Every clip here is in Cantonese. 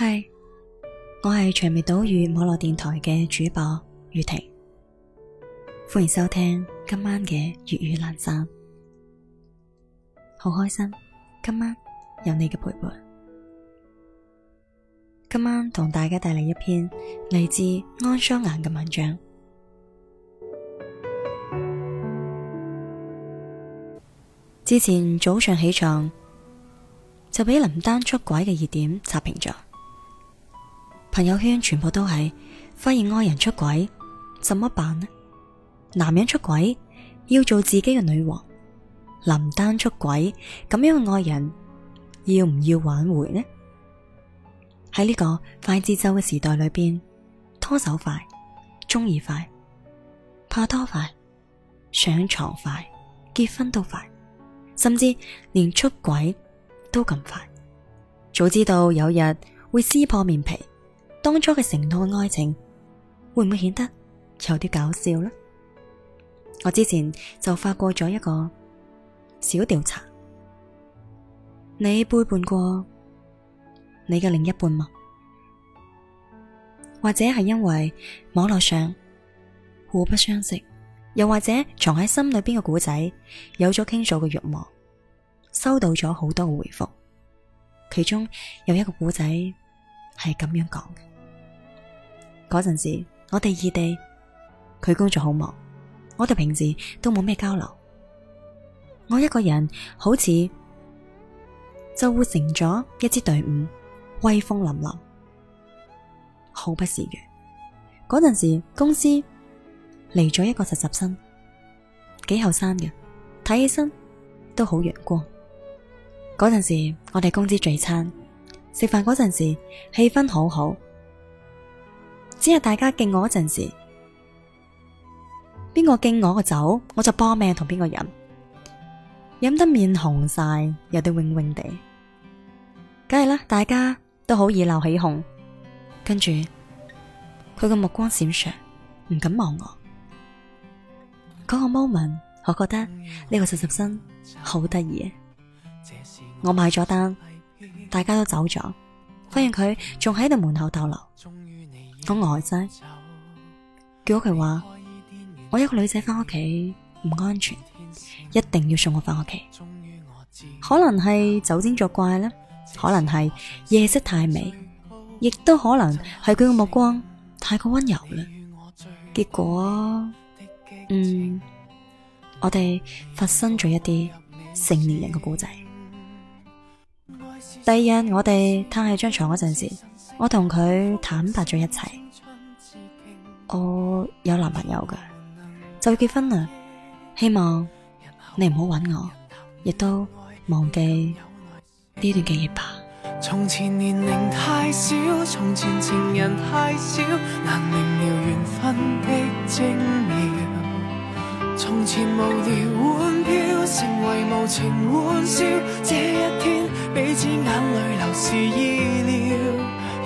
係，hey, 我係長尾島嶼網絡電台嘅主播雨婷，歡迎收聽今晚嘅粵語懶散。好開心今晚有你嘅陪伴。今晚同大家帶嚟一篇嚟自安雙岩嘅文章。之前早上起床就俾林丹出軌嘅熱點刷屏咗。朋友圈全部都係發現愛人出軌，怎麼辦呢？男人出軌要做自己嘅女王。林丹出軌咁樣嘅愛人，要唔要挽回呢？喺呢個快節奏嘅時代裏邊，拖手快，中意快，拍拖快，上床快，結婚都快，甚至連出軌都咁快。早知道有日會撕破面皮。當初嘅承諾嘅愛情會唔會顯得有啲搞笑呢？我之前就發過咗一個小調查，你背叛過你嘅另一半嗎？或者係因為網絡上互不相識，又或者藏喺心裏邊嘅古仔有咗傾訴嘅欲望，收到咗好多嘅回覆，其中有一個古仔係咁樣講嘅。嗰陣時，我哋異地，佢工作好忙，我哋平時都冇咩交流。我一個人好似就活成咗一支隊伍，威風凜凜，好不示弱。嗰陣時，公司嚟咗一個實習生，幾後生嘅，睇起身都好陽光。嗰陣時，我哋公司聚餐，食飯嗰陣時，氣氛好好。只係大家敬我嗰陣時，邊個敬我個酒，我就搏命同邊個人飲得面紅晒，有啲泳泳地。梗係啦，大家都好易鬧起哄。跟住佢個目光閃爍，唔敢望我。嗰個 moment，我覺得呢個實習生好得意。我買咗單，大家都走咗，發現佢仲喺度門口逗留。外仔叫佢話，我一個女仔翻屋企唔安全，一定要送我翻屋企。可能係酒精作怪咧，可能係夜色太美，亦都可能係佢個目光太過溫柔啦。結果，嗯，我哋發生咗一啲成年人嘅故仔。第二日我哋攤喺張床嗰陣時。我同佢坦白咗一切，我有男朋友嘅，就要結婚啦。希望你唔好揾我，亦都忘記呢段記憶吧。從前年齡太小，從前情人太少，難明了緣分的精妙。從前無聊玩票，成為無情玩笑。這一天，彼此眼淚流是意料。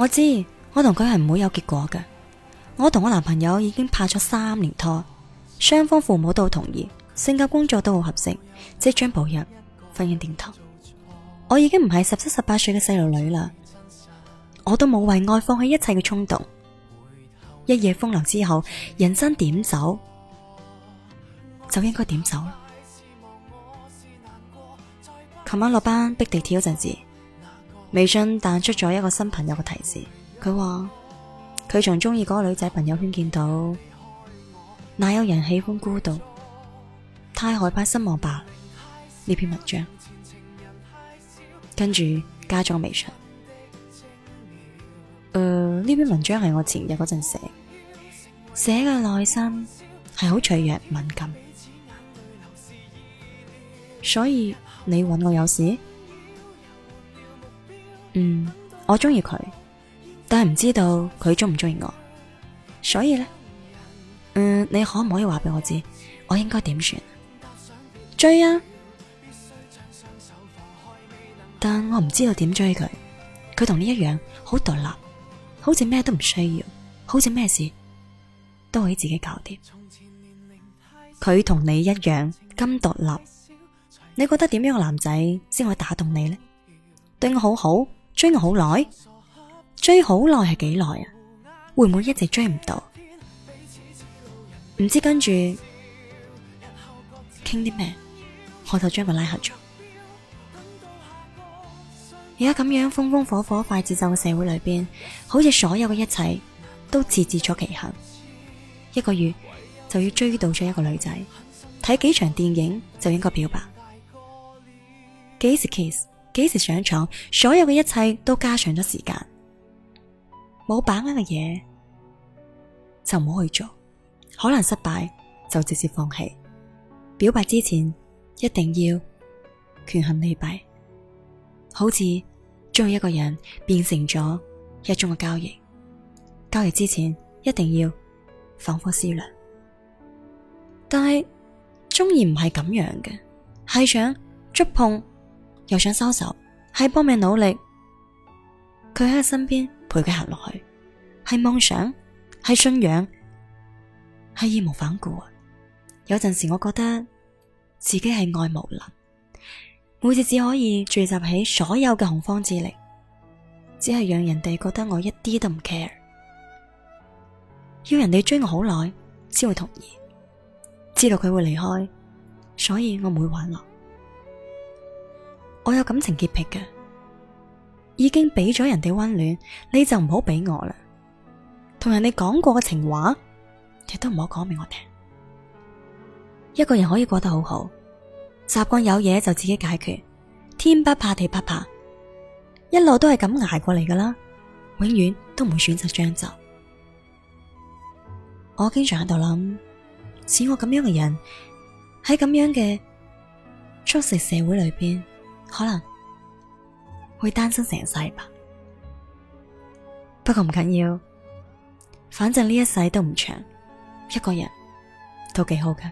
我知，我同佢係唔會有結果嘅。我同我男朋友已經拍咗三年拖，雙方父母都好同意，性格工作都好合適，即將步入婚姻殿堂。我已經唔係十七十八歲嘅細路女啦，我都冇為愛放棄一切嘅衝動。一夜風流之後，人生點走就應該點走。琴晚落班逼地鐵嗰陣時。微信彈出咗一個新朋友嘅提示，佢話佢仲中意嗰個女仔朋友圈見到，哪有人喜歡孤獨？太害怕失望吧？呢篇文章，跟住加咗我微信。誒、呃，呢篇文章係我前日嗰陣寫，寫嘅內心係好脆弱敏感，所以你揾我有事？嗯，我中意佢，但係唔知道佢中唔中意我，所以咧，嗯，你可唔可以話俾我知，我應該點算追啊？但我唔知道點追佢。佢同你一樣好獨立，好似咩都唔需要，好似咩事都可以自己搞掂。佢同你一樣咁獨立，你覺得點樣個男仔先可以打動你呢？對我好好。追我好耐，追好耐係幾耐啊？會唔會一直追唔到？唔知跟住傾啲咩，我就將佢拉黑咗。而家咁樣風風火火快節奏嘅社會裏邊，好似所有嘅一切都自自咗期限。一個月就要追到咗一個女仔，睇幾場電影就應該表白，幾時 kiss？幾時上床？所有嘅一切都加上咗時間，冇把握嘅嘢就唔好去做，可能失敗就直接放棄。表白之前一定要權衡利弊，好似中意一個人變成咗一宗嘅交易。交易之前一定要反復思量，但係中意唔係咁樣嘅，係想觸碰。又想收手，係搏命努力，佢喺身邊陪佢行落去，係夢想，係信仰，係義無反顧啊！有陣時我覺得自己係愛無能，每次只可以聚集起所有嘅洪荒之力，只係讓人哋覺得我一啲都唔 care，要人哋追我好耐先會同意。知道佢會離開，所以我唔會玩樂。我有感情潔癖嘅，已經俾咗人哋溫暖，你就唔好俾我啦。同人哋講過嘅情話，亦都唔好講俾我聽。一個人可以過得好好，習慣有嘢就自己解決，天不怕地不怕，一路都係咁捱過嚟噶啦，永遠都唔會選擇將就。我經常喺度諗，似我咁樣嘅人，喺咁樣嘅速食社會裏邊。可能會單身成世吧，不過唔緊要，反正呢一世都唔長，一個人都幾好㗎。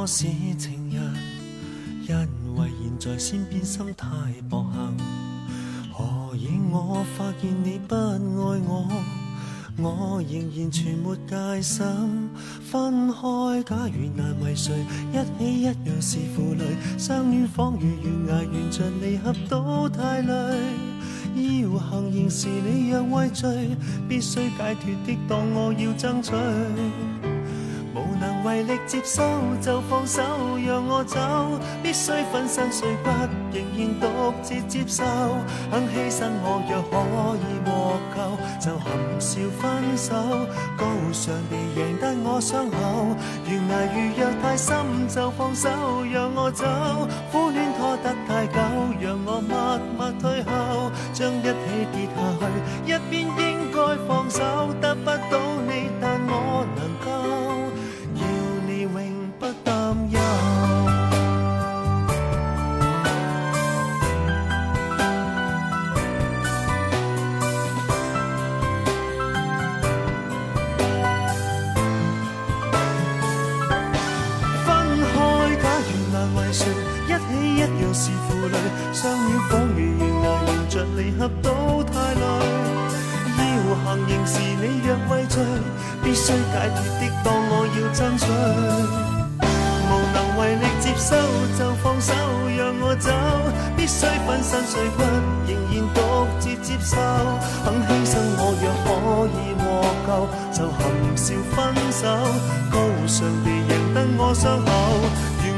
我是情人，因為現在先變心太薄幸。何以我發現你不愛我，我仍然全沒戒心。分開假如難為誰，一起一樣是負累。相戀仿如懸崖，沿着離合都太累。要行，仍是你若畏罪，必須解脫的當我要爭取。為力接收就放手，讓我走，必須粉身碎骨仍然獨自接受。肯犧牲我若可以獲救，就含笑分手。高尚地贏得我傷口，原來如若太深就放手，讓我走。苦戀拖得太久，讓我默默退後，將一起跌下去。一邊應該放手，得不到你，但我能夠。若是負累，上了講台，捱着離合都太累。要行刑時，你若畏罪，必須解脱的當我要爭取。無能為力接收就放手，讓我走。必須粉身碎骨，仍然獨自接受。肯犧牲我若可以獲救，就含笑分手。高尚地贏得我傷口。